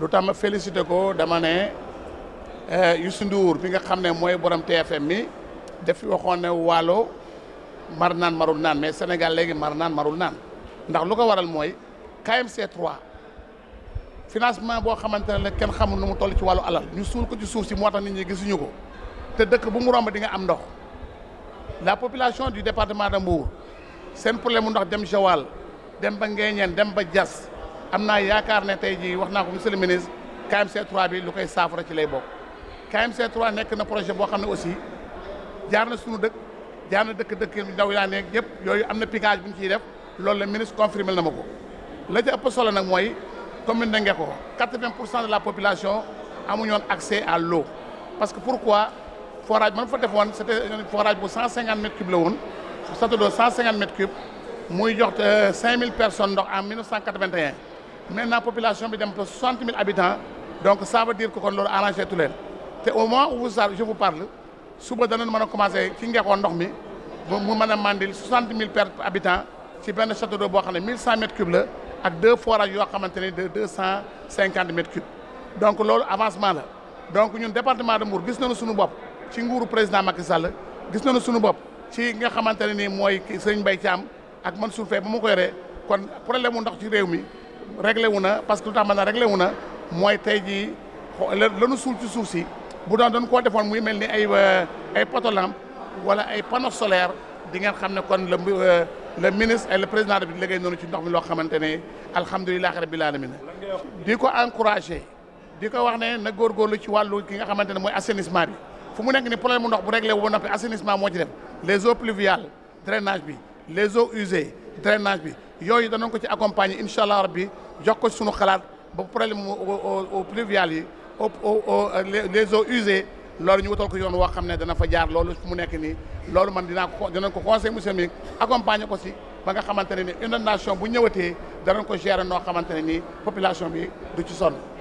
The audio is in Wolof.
lu tamma ma ko dama ne eh, Youssou Ndour bi nga xam ne mooy borom TFM mi daf waxoon ne waalo mar naan marul naan mais Sénégal léegi mar naan marul naan ndax lu ko waral mooy KMC 3 financement boo xamante ne la kenn xamul nu mu toll ci wàllu alal ñu suul ko ci suuf si moo tax nit ñi gisuñu ko te dëkk bu mu romb di nga am ndox la population di département de Mbour seen problème mu ndox dem Joal dem ba Ngéeñeen dem ba jas am naa yaakaar ne tey jii wax naa ko monsieur le ministre KMC 3 bi lu koy saafara ci lay bokk KMC 3 nekk na projet boo xam ne aussi jaar na suñu dëkk jaar na dëkk dëkk ndaw yaa nekk yëpp yooyu am na piquage bu ñu ciy def loolu la ministre confirmé na ma ko la ca ëpp solo nag mooy commune de ko 80 pour cent de la population amuñu woon accès à parce que pourquoi forage man fa defoon c'était forage bu 150 mètres cubes la woon château d'eau 150 mètres cubes muy jox 5000 euh, personnes ndox maintenant population bi dem ba soixante mille habitants donc ça veut dire kon loolu arrangé tu leen te au moment où vous je vous parle suba danañ mën a commencé ci ngexoo ndox mi mu mën a mandil soixante mille per habitants ci benn château d'eau boo xam ne mille cent mètres cubes la ak deux forages yoo xamante ne de deux cent cinquante mètres cubes donc loolu avancement la donc ñun département de Mbour gis nañu suñu bopp ci nguuru président Macky Sall gis nañu suñu bopp ci nga xamante ne nii mooy Serigne Mbaye Thiam ak Mansour Faye ba mu ko yoree kon problème mu ndox ci réew mi réglé wu na parce que lu tax mën na réglé mooy tey jii lanu suul ci suuf si bu doon doon koo defoon muy mel ni ay euh, ay poto lampe wala ay panneau solaire di ngeen xam ne kon le euh, le ministre et le président bi liggéey noonu ci ndox mi loo xamante ne alhamdulilah rabbil alamin di ko encouragé di ko wax ne na góorgóorlu ci wàllu ki nga xamante ne mooy assainissement bi fu mu nekk ni problème mu ndox bu réglé woo ba noppi assainissement moo ci def les eaux pluviales bi les eaux usées drainage bi yooyu danañ ko ci accompagner incha allah rabbi jox ko suñu xalaat ba problème mu au pluvial yi u au les eaux usées loolu ñu wutal ko yoon woo xam ne dana fa jaar loolu fu mu nekk nii loolu man dinaa ko dinañ ko conseil monsieur mi accompagner ko si ba nga xamante ne ni inondation bu ñëwatee danañ ko gérer noo xamante ne nii population bi du ci sonn.